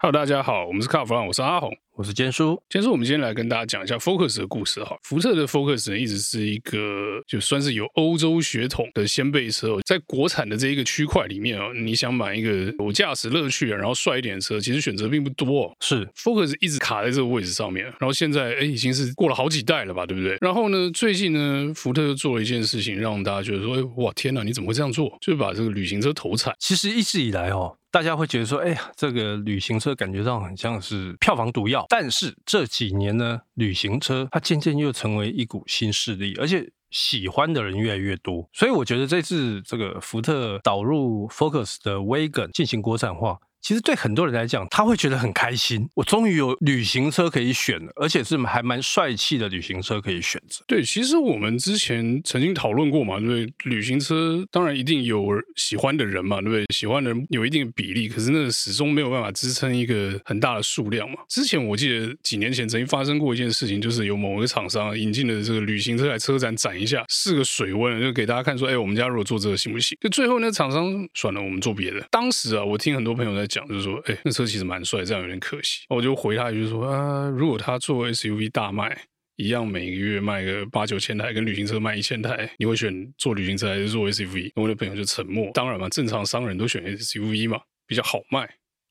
哈嘍，大家好，我們是 CarFun，我是阿宏。我是堅叔，堅叔，我們今天來跟大家講一下 Focus 的故事哈。福特的 Focus 呢，一直是一個就算是有歐洲血統的掀背車、哦，在國產的這一個區塊裡面啊、哦，你想買一個有駕駛樂趣，然後帥一點的車，其實選擇並不多、哦。是 Focus 一直卡在這個位置上面，然後現在哎已經是過了好幾代了吧，對不對？然後呢，最近呢，福特又做了一件事情，讓大家覺得說，哇天哪，你怎麼會這樣做？就是把這個旅行車投產。其實一直以來哦，大家會覺得說，哎呀，這個旅行車感覺上很像是票房毒藥。但是這幾年呢，旅行車它漸漸又成為一股新勢力，而且喜歡的人越來越多。所以我覺得這次這個福特導入 Focus 的 Wagon 進行國產化。其實對很多人來講，他會覺得很開心。我終於有旅行車可以選了，而且是還蠻帥氣的旅行車可以選擇。對，其實我們之前曾經討論過嘛，對不對？旅行車當然一定有喜歡的人嘛，對不對？喜歡的人有一定的比例，可是那個始終沒有辦法支撐一個很大的數量嘛。之前我記得幾年前曾經發生過一件事情，就是有某個廠商引進了這個旅行車來車展展，展一下，試個水溫，就給大家看說，哎，我們家如果做這個行不行？就最後那個廠商選了，我們做別的。當時啊，我聽很多朋友在。講就是說，哎、欸，那車其實蠻帥，這樣有點可惜。我就回他一句說，啊，如果他做 SUV 大賣，一樣每個月賣個八九千台，跟旅行車賣一千台，你會選做旅行車還是做 SUV？我的朋友就沉默。當然嘛，正常商人都選 SUV 嘛，比較好賣。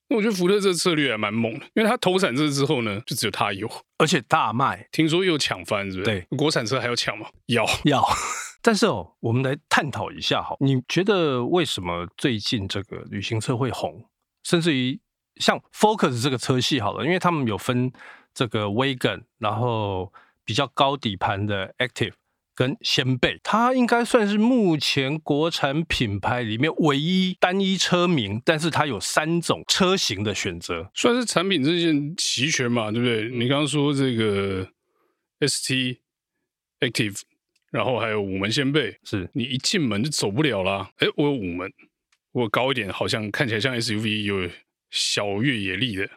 那我覺得福特這策略還蠻猛的，因為他投產這之後呢，就只有他有，而且大賣。聽說又搶翻，是不是？對，國產車還要搶嗎？要要。 但是哦，我們來探討一下哈，你覺得為什麼最近這個旅行車會紅？甚至於像 Focus 這個車系好了，因為他們有分這個 Wagon，然後比較高底盤的 Active 跟掀背，它應該算是目前國產品牌裡面唯一單一車名，但是它有三種車型的選擇，算是產品之間齊全嘛，對不對？你剛剛說這個 ST Active，然後還有五門掀背，是你一進門就走不了啦，啊？哎，我有五門。如果高一點，好像看起來像 SUV，有小越野力的，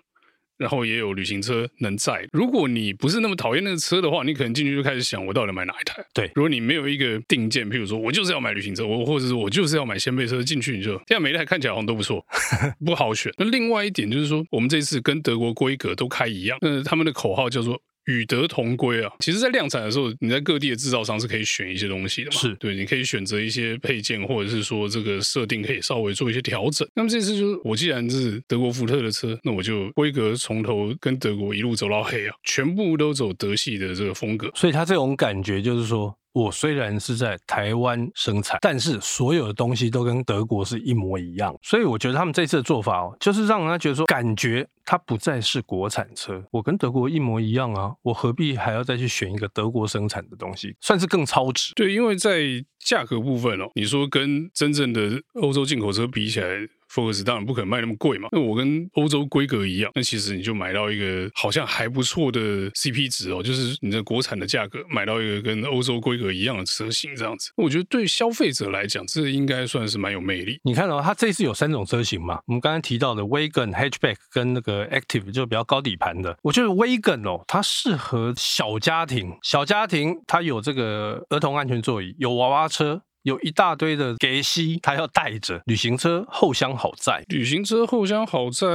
然後也有旅行車能載。如果你不是那麼討厭那個車的話，你可能進去就開始想，我到底買哪一台？對，如果你沒有一個定見，譬如說我就是要買旅行車，我或者是我就是要買掀背車，進去你就這樣每一台看起來好像都不錯， 不好選。那另外一點就是說，我們這一次跟德國規格都開一樣，那他們的口號叫做。與德同規啊！其實，在量產的時候，你在各地的制造商是可以選一些東西的嘛？是對，你可以選擇一些配件，或者是說這個設定可以稍微做一些調整。那麼這次就是我既然是德國福特的車，那我就規格從頭跟德國一路走到黑啊，全部都走德系的這個風格。所以它這種感覺就是說。我雖然是在台灣生產，但是所有的東西都跟德國是一模一樣，所以我覺得他們這次的做法哦，就是讓人家覺得說，感覺它不再是國產車，我跟德國一模一樣啊，我何必還要再去選一個德國生產的東西，算是更超值。對，因為在價格部分哦，你說跟真正的歐洲進口車比起來，Focus 當然不可能賣那麼貴嘛，那我跟歐洲規格一樣，那其實你就買到一個好像還不錯的 CP 值哦，就是你的國產的價格買到一個跟歐洲規格一樣的車型這樣子，我覺得對消費者來講，這應該算是蠻有魅力。你看到、哦、它這次有三種車型嘛，我們剛才提到的 Wagon、Hatchback 跟那個 Active 就比較高底盤的，我覺得 Wagon 哦，它適合小家庭，小家庭它有這個兒童安全座椅，有娃娃車。有一大堆的隔息，他要帶着。旅行車後箱好在，旅行車後箱好在，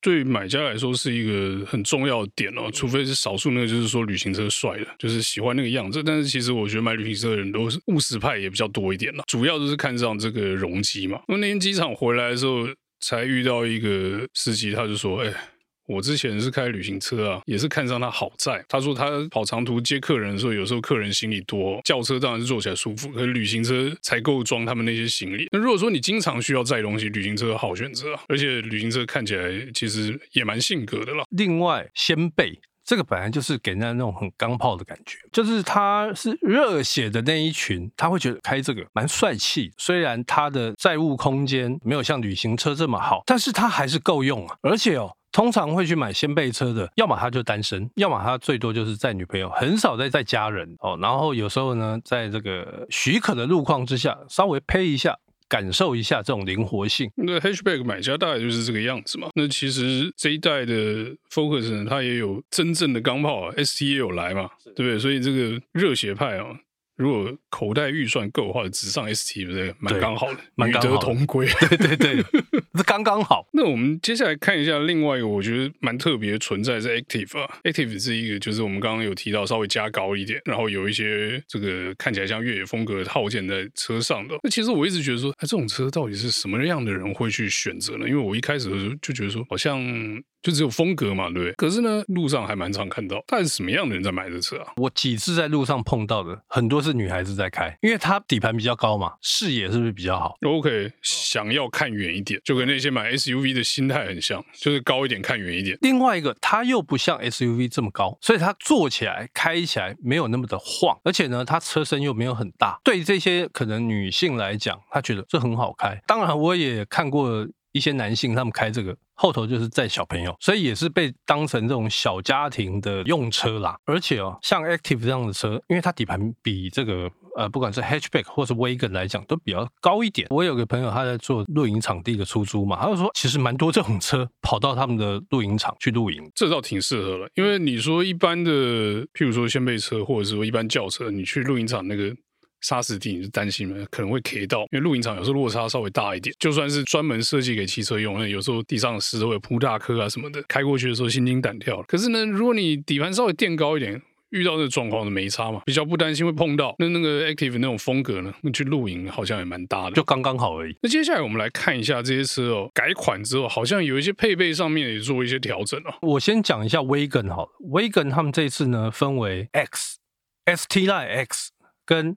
對買家來說是一個很重要的點哦、喔嗯、除非是少數那個，就是說旅行車帥的，就是喜歡那個樣子。但是其實我覺得買旅行車的人都是務實派，也比較多一點。主要就是看上這個容積嘛。我那天機場回來的時候，才遇到一個司機，他就說：“哎、欸。”我之前是開旅行車啊，也是看上他好載，他說他跑長途接客人的時候，有時候客人行李多，轎車當然是坐起來舒服，可是旅行車才夠裝他們那些行李。那如果說你經常需要載東西，旅行車好選擇啊。而且旅行車看起來其實也蠻性格的啦。另外，掀背這個本來就是給人家那種很鋼炮的感覺，就是他是熱血的那一群，他會覺得開這個蠻帥氣。雖然他的載物空間沒有像旅行車這麼好，但是他還是夠用啊。而且哦。通常會去買掀背車的，要麼他就單身，要麼他最多就是載女朋友，很少在載家人哦。然後有時候呢，在這個許可的路況之下，稍微配一下，感受一下這種靈活性。那 Hatchback 買家大概就是這個樣子嘛？那其實這一代的 Focus 呢，它也有真正的鋼炮啊，ST 也有來嘛，對不對？所以這個熱血派啊。如果口袋預算夠的話，直上 ST，不對蠻剛好的，與德同規，對對對， 這剛剛好。那我們接下來看一下另外一個我覺得蠻特別的存在在 Active 啊，Active 是一個就是我們剛剛有提到稍微加高一點，然後有一些這個看起來像越野風格的套件在車上的。那其實我一直覺得說，哎，這種車到底是什麼樣的人會去選擇呢？因為我一開始就覺得說，好像。就只有風格嘛，對不對？可是呢，路上還蠻常看到，但是什麼樣的人在買這車啊？我幾次在路上碰到的，很多是女孩子在開，因為它底盤比較高嘛，視野是不是比較好？OK，想要看遠一點，就跟那些買 SUV 的心態很像，就是高一點看遠一點。另外一個，它又不像 SUV 這麼高，所以它坐起來、開起來沒有那麼的晃，而且呢，它車身又沒有很大，對這些可能女性來講，她覺得這很好開。當然，我也看過。一些男性他們開這個後頭就是載小朋友，所以也是被當成這種小家庭的用車啦。而且哦，像 Active 這樣的車，因為它底盤比這個呃不管是 Hatchback 或是 Wagon 來講都比較高一點。我有個朋友他在做露營場地的出租嘛，他就說其實蠻多這種車跑到他們的露營場去露營，這倒挺適合了。因為你說一般的，譬如說掀背車或者說一般轎車，你去露營場那個。沙石地，你是擔心嗎？可能會 K 到，因為露營場有時候落差稍微大一點，就算是專門設計給汽車用，那有時候地上的石頭會鋪大顆啊什麼的，開過去的時候心驚膽跳。可是呢，如果你底盤稍微墊高一點，遇到這狀況就沒差嘛，比較不擔心會碰到。那那個 Active 那種風格呢，你去露營好像也蠻搭的，就剛剛好而已。那接下來我們來看一下這些車哦，改款之後好像有一些配備上面也做一些調整哦。我先講一下 Wagon 好，Wagon 他們這次呢分為 X、ST-Line X 跟，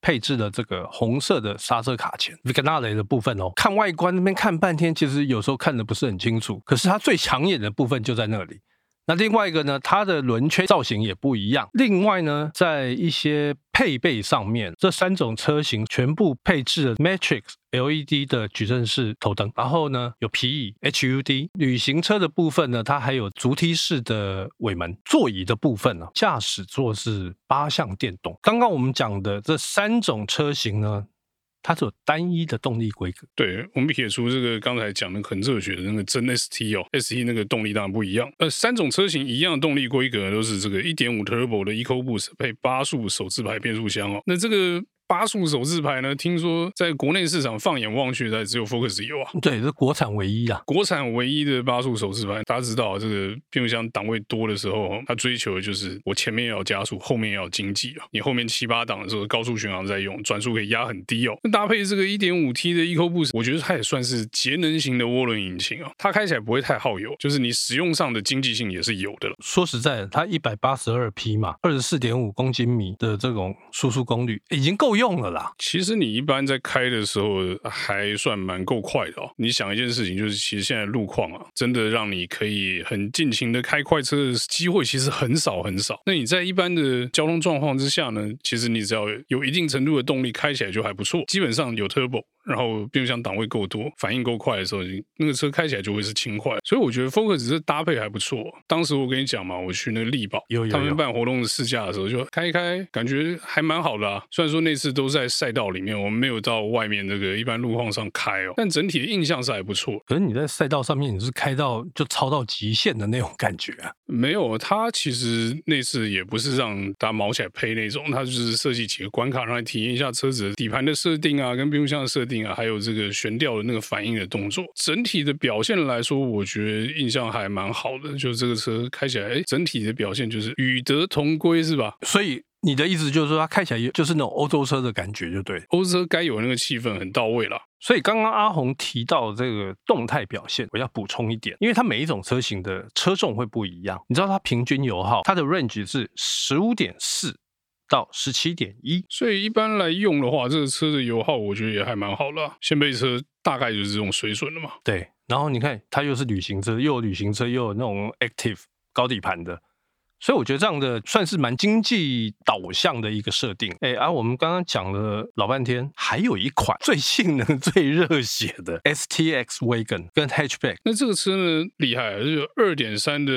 配置了這個紅色的剎車卡鉗，Vignale 的部分哦。看外觀那邊看半天，其實有時候看得不是很清楚，可是它最搶眼的部分就在那裡。那另外一個呢，它的輪圈造型也不一樣。另外呢，在一些配備上面，這三種車型全部配置了 Matrix LED 的矩陣式頭燈，然後呢有皮椅 HUD。旅行車的部分呢，它還有足踢式的尾門。座椅的部分呢、啊，駕駛座是八向電動。剛剛我們講的這三種車型呢。它是有單一的動力規格，對，我們撇除這個剛才講的很熱血的那個真 ST 哦，ST 那個動力當然不一樣，呃，三種車型一樣的動力規格都是這個一點五 Turbo 的 EcoBoost 配八速手自排變速箱哦，那這個。八速手自排呢，聽說在國內市場放眼望去，它也只有 Focus 有啊。對，是國產唯一啊，國產唯一的八速手自排。大家知道啊，這個變速箱檔位多的時候，它追求的就是我前面要加速，後面要經濟啊。你後面七八檔的時候，高速巡航在用，轉速可以壓很低哦。那搭配這個 1.5T 的 EcoBoost，我覺得它也算是節能型的渦輪引擎啊。它開起來不會太耗油，就是你使用上的經濟性也是有的了。說實在，它182匹嘛，24.5公斤米的這種輸出功率已經夠用。用了啦。其實你一般在開的時候還算蠻夠快的哦。你想一件事情，就是其實現在路況啊，真的讓你可以很盡情的開快車的機會其實很少很少。那你在一般的交通狀況之下呢，其實你只要有一定程度的動力開起來就還不錯。基本上有 turbo，然後變速箱檔位夠多，反應夠快的時候，那個車開起來就會是輕快。所以我覺得 Focus 的搭配還不錯。當時我跟你講嘛，我去那個力寶他們辦活動試駕的時候，就開一開，感覺還蠻好的啊。雖然說那次。都在賽道裡面，我們沒有到外面那個一般路況上開哦、喔。但整體的印象是還不錯。可是你在賽道上面，你是開到就超到極限的那種感覺啊？沒有，他其實那次也不是讓大家毛起來配那種，他就是設計幾個關卡，讓你體驗一下車子底盤的設定啊，跟變速箱的設定啊，還有這個懸吊的那個反應的動作。整體的表現來說，我覺得印象還蠻好的。就這個車開起來，哎、欸，整體的表現就是與德同規，是吧？所以。你的意思就是說，它開起來就是那種歐洲車的感覺，就對，歐洲車該有那個氣氛很到位了。所以剛剛阿紅提到這個動態表現，我要補充一點，因為它每一種車型的車重會不一樣。你知道它平均油耗，它的 range 是十五點四到十七點一，所以一般來用的話，這個車的油耗我覺得也還蠻好了。掀背車大概就是這種水準的嘛。對，然後你看，它又是旅行車，又有旅行車，又有那種 active 高底盤的。所以我覺得這樣的算是蠻經濟導向的，一個設定，哎，啊，我們剛剛講了老半天，還有一款最性能最熱血的 STX Wagon 跟 Hatchback，那這個車呢，厲害了，是有二點三的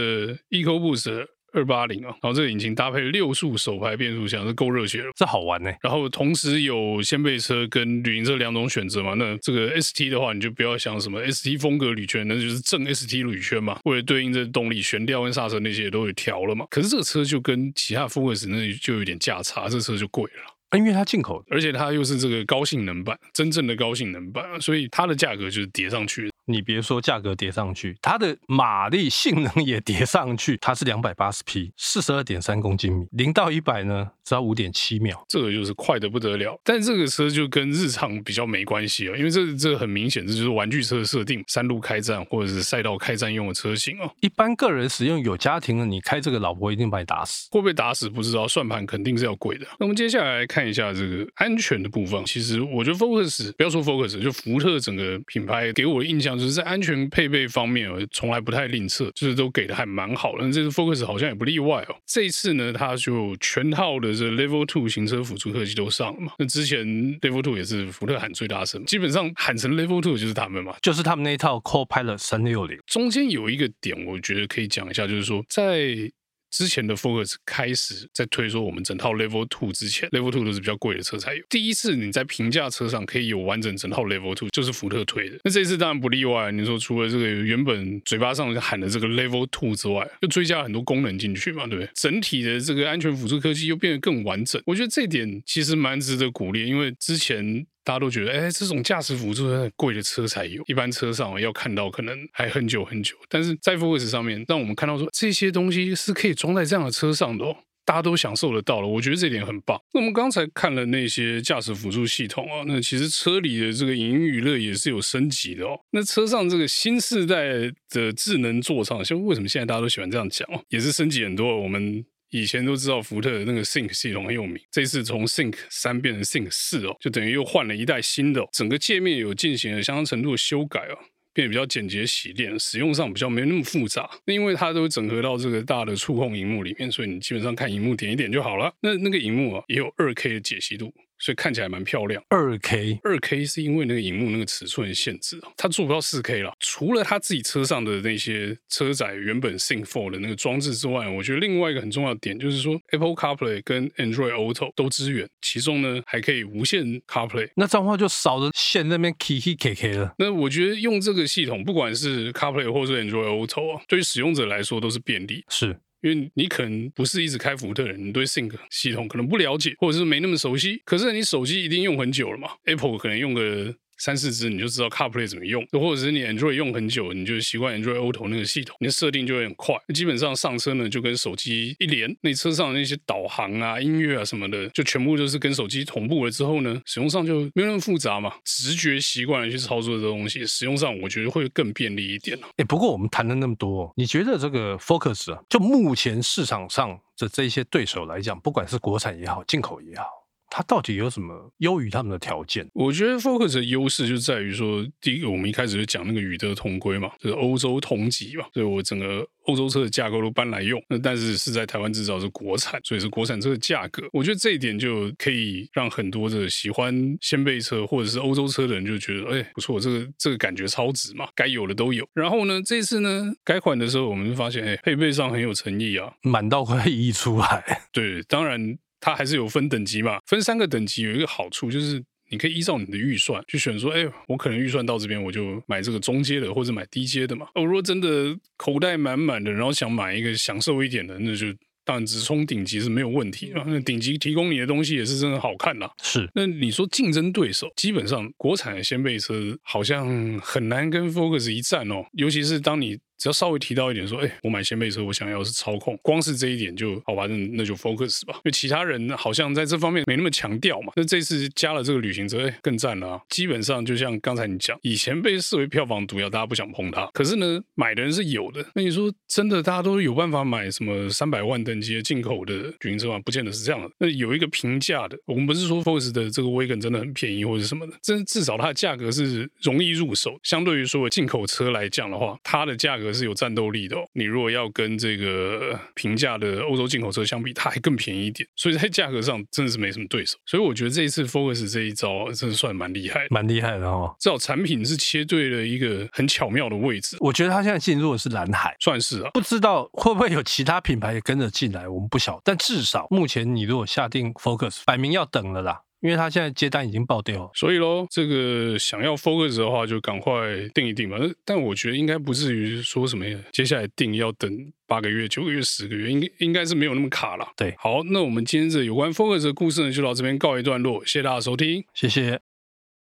EcoBoost。二八零啊，然後這個引擎搭配六速手排變速箱是夠熱血了，這好玩呢、欸。然後同時有掀背車跟旅行車兩種選擇嘛，那這個 S T 的話，你就不要想什麼 S T 風格鋁圈，那就是正 S T 鋁圈嘛。為了對應這動力、懸吊跟剎車那些也都有調了嘛。可是這個車就跟其他 Focus 那裡就有點價差，這車就貴了，啊、因為它進口的，而且它又是這個高性能版，真正的高性能版，所以它的價格就是疊上去的。你別說價格疊上去，它的馬力性能也疊上去，它是兩百八十匹，四十二點三公斤米，零到一百呢只要五點七秒，這個就是快得不得了。但這個車就跟日常比較沒關係啊、哦，因為這這個，很明顯這就是玩具車的設定，山路開戰或者是賽道開戰用的車型哦。一般個人使用有家庭的，你開這個老婆一定把你打死，會不會打死不知道，算盤肯定是要貴的。那麼接下來，來看一下這個安全的部分，其實我覺得 Focus 不要說 Focus，就福特整個品牌給我的印象，就是在安全配備方面從來不太吝嗇，就是都給的還蠻好的。但這次 Focus 好像也不例外哦。這一次呢，它就全套的這 Level Two 行車輔助科技都上了嘛。那之前 Level Two 也是福特喊最大聲，基本上喊成 Level Two 就是他們嘛，就是他們那一套 Copilot 三六零。中間有一個點，我覺得可以講一下，就是說在。之前的 Focus 開始在推說我們整套 level two 之前 level two 都是比較貴的車才有，第一次你在平價車上可以有完整整套 level two 就是福特推的，那這次當然不例外。你說除了這個原本嘴巴上喊的這個 level two 之外，就追加了很多功能進去嘛，對不對？整體的這個安全輔助科技又變得更完整，我覺得這一點其實蠻值得鼓勵，因為之前。大家都覺得，哎、欸，這種駕駛輔助很貴的車才有，一般車上要看到可能還很久很久。但是在 Focus 上面，讓我們看到說這些東西是可以裝在這樣的車上的，哦，大家都享受得到了。我覺得這點很棒。那我們剛才看了那些駕駛輔助系統啊、哦，那其實車裡的這個影音娛樂也是有升級的哦。那車上這個新世代的智能座艙，像為什麼現在大家都喜歡這樣講，也是升級很多。我們。以前都知道福特的那個 SYNC 系統很有名，這次從 SYNC 三變成 SYNC 四哦，就等於又換了一代新的哦，整個界面，有進行了相當程度的修改哦，變得比較簡潔洗練，使用上比較沒那麼複雜，那因為它都整合到這個大的觸控熒幕裡面，所以你基本上看熒幕點一點就好了。那那個熒幕啊也有 2K 的解析度。所以看起來蠻漂亮。2K，2K 是因為那個熒幕那個尺寸的限制啊，它做不到 4K 了。除了它自己車上的那些車載原本 Sync 4的那個裝置之外，我覺得另外一個很重要的點就是說，Apple CarPlay 跟 Android Auto 都支援，其中呢還可以無線 CarPlay，那這樣的話就少了線那邊 K K K K 了。那我覺得用這個系統，不管是 CarPlay 或者 Android Auto 啊，對於使用者來說都是便利。是。因為你可能不是一直開福特的人，你對 SYNC 系統可能不了解，或者是沒那麼熟悉。可是你手機一定用很久了嘛，Apple 可能用個。三四支你就知道 CarPlay 怎麼用，或者是你 Android 用很久，你就習慣 Android Auto 那個系統，你的設定就會很快。基本上上車呢就跟手機一連，那車上的那些導航啊、音樂啊什麼的，就全部都是跟手機同步了之後呢，使用上就沒有那麼複雜嘛。直覺習慣了去操作這東西，使用上我覺得會更便利一點了。哎、欸，不過我們談了那麼多，你覺得這個 Focus 啊，就目前市場上的這一些對手來講，不管是國產也好，進口也好。它到底有什麼優於他們的條件？我覺得 Focus 的優勢就在於說，第一個我們一開始就講那個與德同規嘛，就是歐洲同級嘛，所以我整個歐洲車的架構都搬來用。那但是是在台灣製造，是國產，所以是國產車的價格。我覺得這一點就可以讓很多的喜歡掀背車或者是歐洲車的人就覺得，哎，不錯，這個這個感覺超值嘛，該有的都有。然後呢，這次呢改款的時候，我們就發現、欸、配備上很有誠意啊，滿到可以溢出來。對，當然。它還是有分等級嘛，分三個等級有一個好處就是，你可以依照你的預算去選，說，哎，我可能預算到這邊，我就買這個中階的或者買低階的嘛。哦，如果真的口袋滿滿的，然後想買一個享受一點的，那就當然直衝頂級是沒有問題。那頂級提供你的東西也是真的好看吶、啊。是，那你說競爭對手，基本上國產的掀背車好像很難跟 Focus 一戰哦，尤其是當你。只要稍微提到一點說，說、欸、哎，我買掀背車，我想要是操控，光是這一點就好吧，那那就 Focus 吧。就其他人好像在這方面沒那麼強調嘛。那這次加了這個旅行車，哎、欸，更贊了啊！基本上就像剛才你講，以前被視為票房毒藥，大家不想碰它，可是呢，買的人是有的。那你說真的，大家都有辦法買什麼三百萬等級的進口的旅行車嗎？不見得是這樣的。那有一個平價的，我們不是說 Focus 的這個 Wagon 真的很便宜或者什麼的，這至少它的價格是容易入手。相對於說進口車來講的話，它的價格。可是有戰鬥力的哦，你如果要跟這個平價的歐洲進口車相比，它還更便宜一點，所以在價格上真的是沒什麼對手。所以我覺得這一次 Focus 這一招真的算蠻厲害，蠻厲害的哦，至少產品是切對了一個很巧妙的位置。我覺得它現在進入的是藍海，算是啊。不知道會不會有其他品牌也跟着進來，我們不曉得。但至少目前你如果下定 Focus，擺明要等了啦。因為他現在接單已經爆掉，所以嘍，這個想要 Focus 的話，就趕快定一定吧。但我覺得應該不至於說什麼呀，接下來定要等八個月、九個月、十個月，應該應該是沒有那麼卡了。對，好，那我們今天這有關 Focus 的故事呢，就到這邊告一段落。謝謝大家收聽，謝謝。